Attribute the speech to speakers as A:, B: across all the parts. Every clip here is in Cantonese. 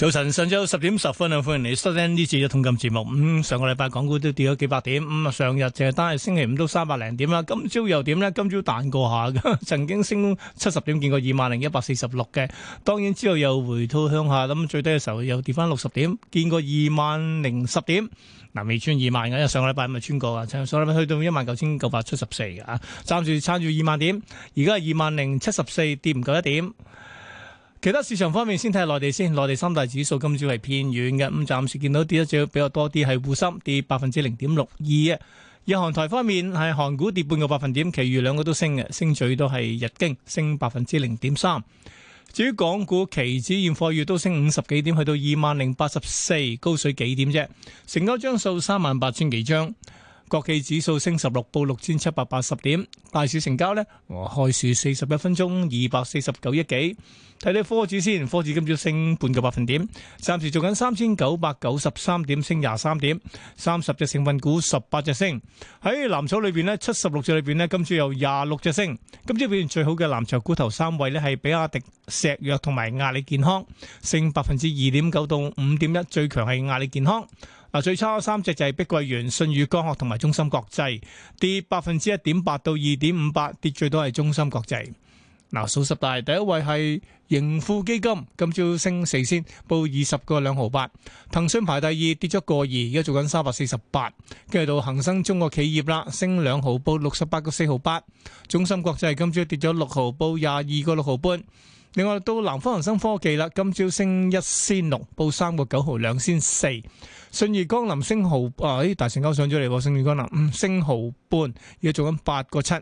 A: 早晨，上晝十點十分啊！歡迎你收聽呢次嘅通禁節目。咁、嗯、上個禮拜港股都跌咗幾百點，咁、嗯、啊上日淨係單日星期五都三百零點啦。今朝又點呢？今朝彈過下嘅， 曾經升七十點，見過二萬零一百四十六嘅。當然之後又回吐向下，咁最低嘅時候又跌翻六十點，見過二萬零十點。嗱、啊，未穿二萬嘅，因為上個禮拜咪穿過啊，上個禮拜，拜去到一萬九千九百七十四嘅啊，暫時撐住二萬點，而家係二萬零七十四，跌唔夠一點。其他市場方面，先睇下內地先。內地三大指數今朝係偏軟嘅，咁暫時見到跌得比較多啲係滬深跌百分之零點六二嘅。日韓台方面係韓股跌半個百分點，其餘兩個都升嘅，升最多係日經升百分之零點三。至於港股期指現貨月都升五十幾點，去到二萬零八十四，高水幾點啫？成交張數三萬八千幾張。國企指數升十六，報六千七百八十點。大市成交呢，我開市四十一分鐘，二百四十九億幾。睇睇科指先，科指今朝升半個百分點，暫時做緊三千九百九十三點，升廿三點。三十隻成分股，十八隻升。喺藍籌裏邊呢，七十六隻裏邊呢，今朝有廿六隻升。今朝表現最好嘅藍籌股頭三位呢，係比亞迪。石藥同埋阿里健康升百分之二點九到五點一，最強係阿里健康。嗱，最差三隻就係碧桂園、舜宇光學同埋中心國際，跌百分之一點八到二點五八，跌最多係中心國際。嗱，數十大第一位係盈富基金，今朝升四仙，報二十個兩毫八。騰訊排第二，跌咗個二，而家做緊三百四十八。跟住到恒生中國企業啦，升兩毫，報六十八個四毫八。中心國際今朝跌咗六毫，報廿二個六毫半。另外到南方恒生科技啦，今朝升一仙六，報三個九毫兩仙四。信義江南升毫，啊，喺大成交上咗嚟喎，信義江南升毫半，而家做緊八個七。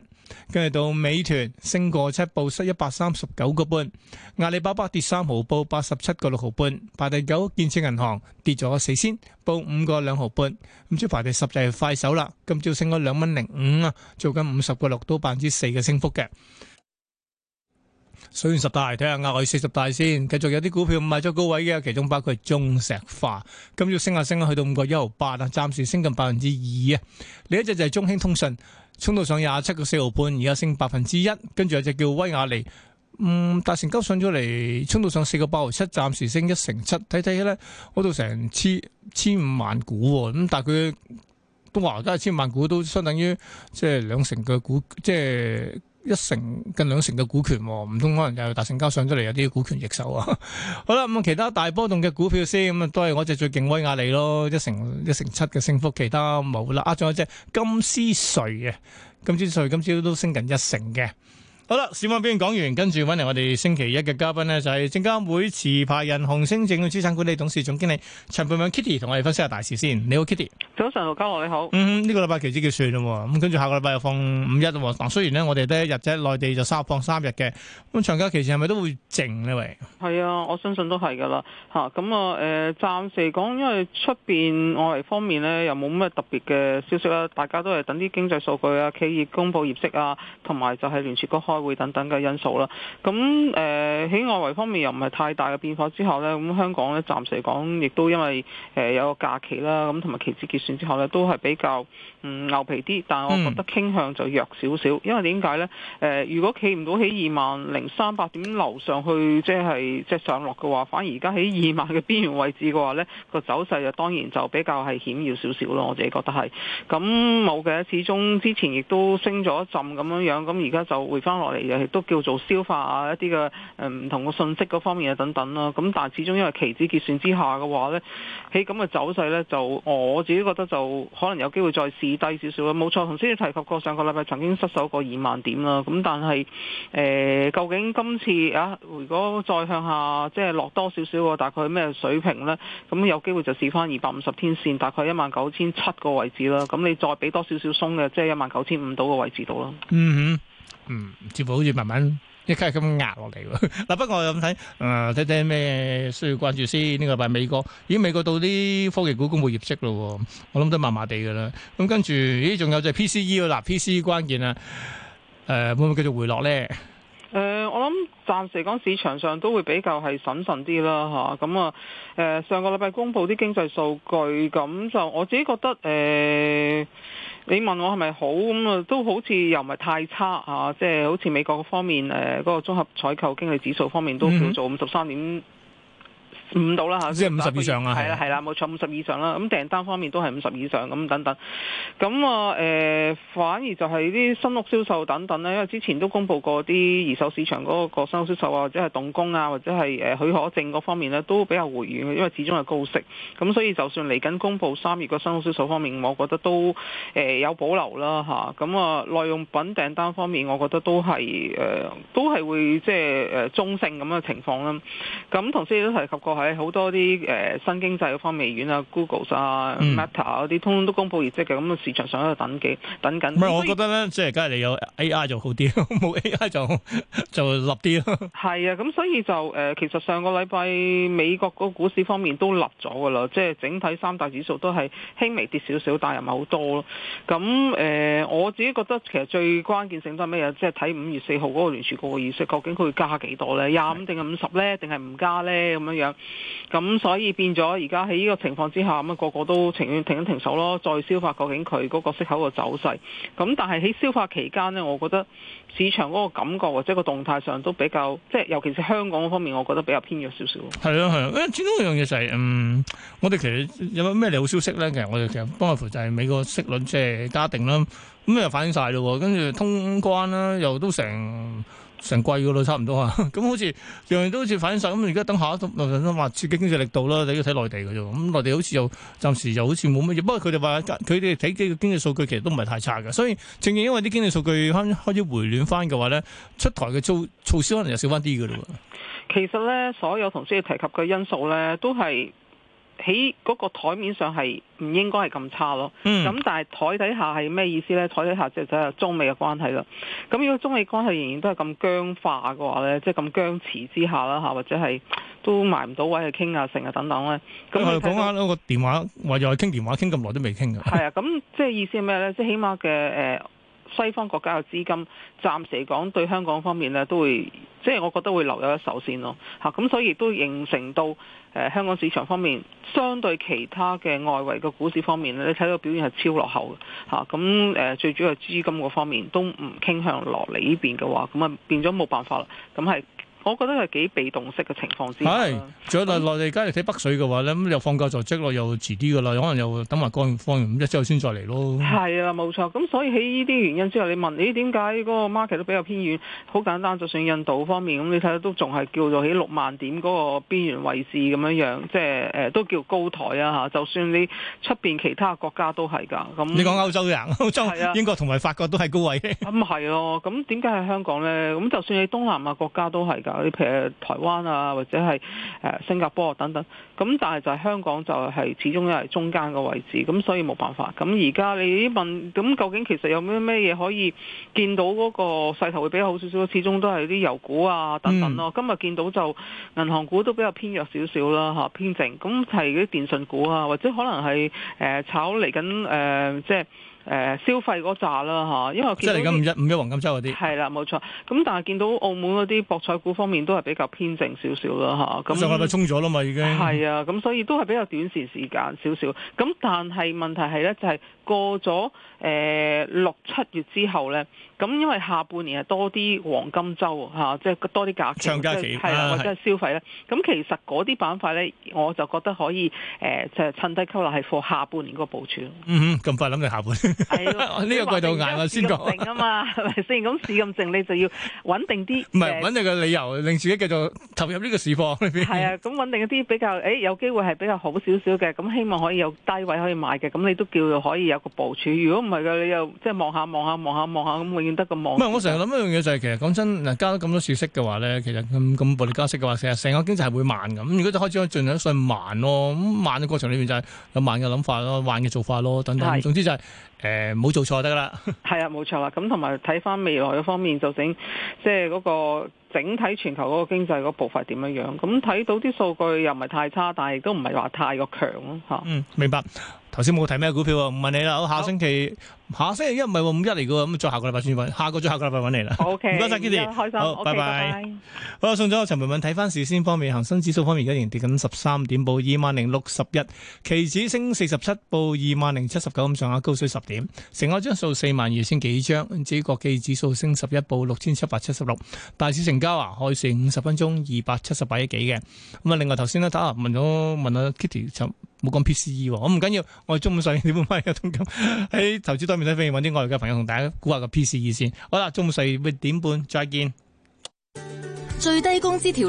A: 跟住到美團升個七，報失一百三十九個半。阿里巴巴跌三毫，報八十七個六毫半。排第九建設銀行跌咗四仙，報五個兩毫半。咁即係排第十就係快手啦，今朝升咗兩蚊零五啊，做緊五十個六，都百分之四嘅升幅嘅。水仙十大睇下額外四十大先，繼續有啲股票唔係最高位嘅，其中包括中石化，今日升下升去到五個一毫八啦，暫時升近百分之二啊。另一隻就係中興通訊，衝到上廿七個四毫半，而家升百分之一，跟住有隻叫威亞利，嗯，大成交上咗嚟，衝到上四個八毫七，暫時升一成七，睇睇咧，開到成千千五萬股喎，咁但係佢都話而家係千五萬股，都相當於即係兩成嘅股，即係。一成近兩成嘅股權，哦，唔通可能又大成交上咗嚟有啲股權易手啊？ 好啦，咁、嗯、其他大波動嘅股票先，咁啊都係我隻最勁威亞利咯，一成一成七嘅升幅，其他冇啦。啊，仲有隻金斯瑞啊，金斯瑞今朝都升近一成嘅。好啦，小方邊度講完，跟住揾嚟我哋星期一嘅嘉賓呢，就係證監會持牌人鴻升證嘅資產管理董事總經理陳蓓敏。Kitty，同我哋分析下大事先。你好，Kitty。早晨，盧嘉樂你好。呢、嗯這個禮拜期指結算啦，咁跟住下個禮拜又放五一喎。嗱、嗯嗯，雖然呢，我哋得一日啫，內地就三放三日嘅，咁、嗯、長假期間係咪都會靜喂？
B: 係啊，我相信都係噶啦。吓，咁啊，誒，暫、呃、時講，因為出邊外嚟方面呢，又冇咩特別嘅消息啦，大家都係等啲經濟數據啊、企業公布業績啊，同埋就係聯接開。會等等嘅因素啦，咁誒喺外圍方面又唔係太大嘅變化之後呢。咁香港咧暫時嚟講亦都因為誒、呃、有個假期啦，咁同埋期指結算之後呢，都係比較嗯牛皮啲，但係我覺得傾向就弱少少，因為點解呢？誒、呃，如果企唔到起二萬零三百點樓上去，即係即係上落嘅話，反而而家喺二萬嘅邊緣位置嘅話呢，個走勢就當然就比較係險要少少咯。我自己覺得係，咁冇嘅，始終之前亦都升咗一浸咁樣樣，咁而家就回翻落嚟又亦都叫做消化啊一啲嘅誒唔同嘅信息嗰方面啊等等啦，咁但係始終因為期指結算之下嘅話呢，喺咁嘅走勢呢，就我自己覺得就可能有機會再試低少少啦。冇錯，頭先你提及過上個禮拜曾經失守過二萬點啦。咁但係誒，究竟今次啊，如果再向下即係落多少少，大概咩水平呢？咁有機會就試翻二百五十天線，大概一萬九千七個位置啦。咁你再俾多少少鬆嘅，即係一萬九千五
A: 到個位置度啦。嗯。嗯，似乎好似慢慢一卡咁壓落嚟，嗱，不過我咁睇誒，睇睇咩需要關注先？呢、這個係美國，咦？美國到啲科技股公布業績咯，我諗都麻麻地噶啦。咁、啊、跟住，咦？仲有就係 PCE 啦 PCE 關鍵啊，誒、呃，會唔會繼續回落咧？
B: 誒、呃，我諗暫時講市場上都會比較係審慎啲啦，吓咁啊，誒、啊啊、上個禮拜公布啲經濟數據，咁、啊、就我自己覺得誒、啊，你問我係咪好咁啊，都好似又唔係太差吓，即、啊、係、就是、好似美國方面誒嗰、啊那個綜合採購經理指數方面都叫做五十三點。五度啦嚇，即係五十以上啊！係啦係啦，冇的的錯，五十以上啦。咁的訂單方面都係五十以上咁等等。咁啊誒，反而就係啲新屋銷售等等呢。因為之前都公布過啲二手市場嗰個新屋銷售啊，或者係動工啊，或者係誒許可證嗰方面呢，都比較回軟，因為始終係高息。咁所以就算嚟緊公佈三月個新屋銷售方面，我覺得都誒、呃、有保留啦吓，咁啊，耐、呃、用品訂單方面，我覺得都係誒、呃、都係會即係誒、呃、中性咁嘅情況啦。咁同時亦都提及過。係好多啲誒、呃、新經濟方面微軟啊，Google 啊、嗯、Meta 嗰、啊、啲，通通都公佈業績嘅，咁、嗯、啊市場上喺度等緊，等緊。唔係、嗯，以我覺得
A: 咧，即係而家你有 AI 就好啲，冇 AI 就就落啲咯。係啊，咁、
B: 嗯、所以就誒、呃，其實上個禮拜美國個股市方面都落咗㗎啦，即係整體三大指數都係輕微跌少少，但係又唔係好多咯。咁、嗯、誒、呃，我自己覺得其實最關鍵性都係咩啊？即係睇五月四號嗰個聯儲局嘅議息，究竟佢會加幾多咧？廿五定係五十咧？定係唔加咧？咁樣樣。咁所以變咗，而家喺呢個情況之下，咁啊個個都情願停一停手咯，再消化究竟佢嗰個息口嘅走勢。咁但係喺消化期間呢，我覺得市場嗰個感覺或者個動態上都比較，即係尤其是香港嗰方面，我覺得比較偏弱少少。
A: 係啊，係，啊，因為始終一樣嘢就係、是，嗯，我哋其實有咩利好消息呢？其實我哋其實不外乎就係美國息率即係加定啦，咁咪又反映晒咯，跟住通關啦，又都成，成季噶咯，差唔多啊！咁、 嗯、好似樣樣都好似反映晒，咁而家等下一通，話刺激經濟力度啦。你要睇內地噶啫，咁、嗯、內地好似又暫時又好似冇乜嘢。不過佢哋話，佢哋睇幾個經濟數據其實都唔係太差噶。所以正正因為啲經濟數據開開始回暖翻嘅話咧，出台嘅措措施可能又少翻啲噶嘞。
B: 其實咧，所有同先要提及嘅因素咧，都係，喺嗰個台面上係唔應該係咁差咯，咁、嗯、但係台底下係咩意思咧？台底下就係中美嘅關係咯。咁如果中美關係仍然都係咁僵化嘅話咧，即係咁僵持之下啦嚇，或者係都埋唔到位去傾啊，成啊等等咧。咁佢講翻
A: 嗰個電話，話又係傾電話傾咁耐都未傾㗎。係
B: 啊，咁即係意思係咩咧？即係起碼嘅誒。呃西方國家嘅資金暫時嚟講對香港方面咧都會，即係我覺得會留有一手先咯，嚇、啊、咁所以亦都形成到誒、呃、香港市場方面，相對其他嘅外圍嘅股市方面咧，你睇到表現係超落後嘅，嚇，咁誒最主要係資金嗰方面都唔傾向落嚟呢邊嘅話，咁啊變咗冇辦法啦，咁係。我覺得係幾被動式嘅情況先。係是，
A: 嗯、仲有內內地，而家嚟睇北水嘅話咧，咁又放假就積落，又遲啲嘅啦，可能又等埋過完放五一之後先再嚟咯。
B: 係啊，冇錯。咁所以喺呢啲原因之後，你問你點解嗰個 market 都比較偏軟？好簡單，就算印度方面咁，你睇都仲係叫做喺六萬點嗰個邊緣位置咁樣樣，即係誒、呃、都叫高台啊嚇。就算你出邊其他國家都係㗎。咁你講歐
A: 洲人，歐洲的英國同埋法國都係高位、嗯。
B: 咁係咯，咁點解喺香港咧？咁就算你東南亞國家都係。有啲譬如台灣啊，或者係誒、呃、新加坡、啊、等等，咁但係就係香港就係始終都係中間嘅位置，咁所以冇辦法。咁而家你問，咁究竟其實有咩咩嘢可以見到嗰個勢頭會比較好少少？始終都係啲油股啊，等等咯、啊。今日見到就銀行股都比較偏弱少少啦，嚇偏靜。咁係啲電訊股啊，或者可能係誒、呃、炒嚟緊誒即係。誒、嗯、消費嗰扎啦吓，因為即係嚟緊五一五一黃金周嗰啲係啦，冇錯。咁但係見到澳門嗰啲博彩股方面都係比較偏靜少少啦吓，咁就係咪衝咗啦嘛已經？係啊，咁所以都係比較短時時間少少。咁但係問題係咧，就係過咗誒六七月之後咧，咁因為下半年係多啲黃金周，吓，即係多啲假期、長假期，或者係消費咧。咁、啊、其實嗰啲板塊咧，我就覺得可以誒、呃，就係趁低溝啦係貨下半年個部署。嗯，
A: 咁快諗佢下半年。 係呢、哎、個季度硬啊，先講
B: 啊嘛，係咪先說？咁市咁靜，你就要穩定啲。唔係是，穩定
A: 嘅理由令自己繼續投入呢個市況。係啊，
B: 咁穩定一啲比較，誒、欸，有機會係比較好少少嘅。咁希望可以有低位可以買嘅，咁你都叫可以有個部署。如果唔係嘅，你又即係望下望下望下望下，咁永遠得個望。唔係
A: 是，我成日諗一樣嘢就係、是，其實講真嗱，加咗咁多息息嘅話咧，其實咁咁暴力加息嘅話，成日成個經濟係會慢嘅。咁如果就開始可以盡量信慢咯，咁慢嘅過程裏面就係有慢嘅諗法咯，慢嘅做法咯，等等。對 總之就係、是。誒，冇、呃、做錯得啦，
B: 係 啊，冇錯啦。咁同埋睇翻未來嘅方面，就整即係嗰個。整體全球嗰個經濟嗰步伐點樣樣？咁睇到啲數據又唔係太差，但係亦都唔係話太過強咯嚇。
A: 嗯，明白。頭先冇睇咩股票喎，唔問你啦。好，下星期好下星期一唔係喎，五一嚟嘅喎，咁再下個禮拜先揾，下個再下個禮拜揾你啦。好，唔該曬 Kitty，謝謝開心，拜拜。好，送咗陳蓓敏睇翻市先方面，恒生指數方面依然跌緊十三點，61, 47, 報二萬零六十一。期指升四十七，報二萬零七十九，咁上下高水十點。成交張數四萬二千幾張。至於國指指數升十一，報六千七百七十六。大市成交啊，開成五十分鐘二百七十八億幾嘅，咁啊，另外頭先咧，打問咗問阿 Kitty 就冇講 PCE，我唔緊要，我哋中午十二點半返嚟有通金喺投資多面體飛揾啲外嚟嘅朋友同大家估下個 PCE 先，好啦，中午十二點半再見。最低工資調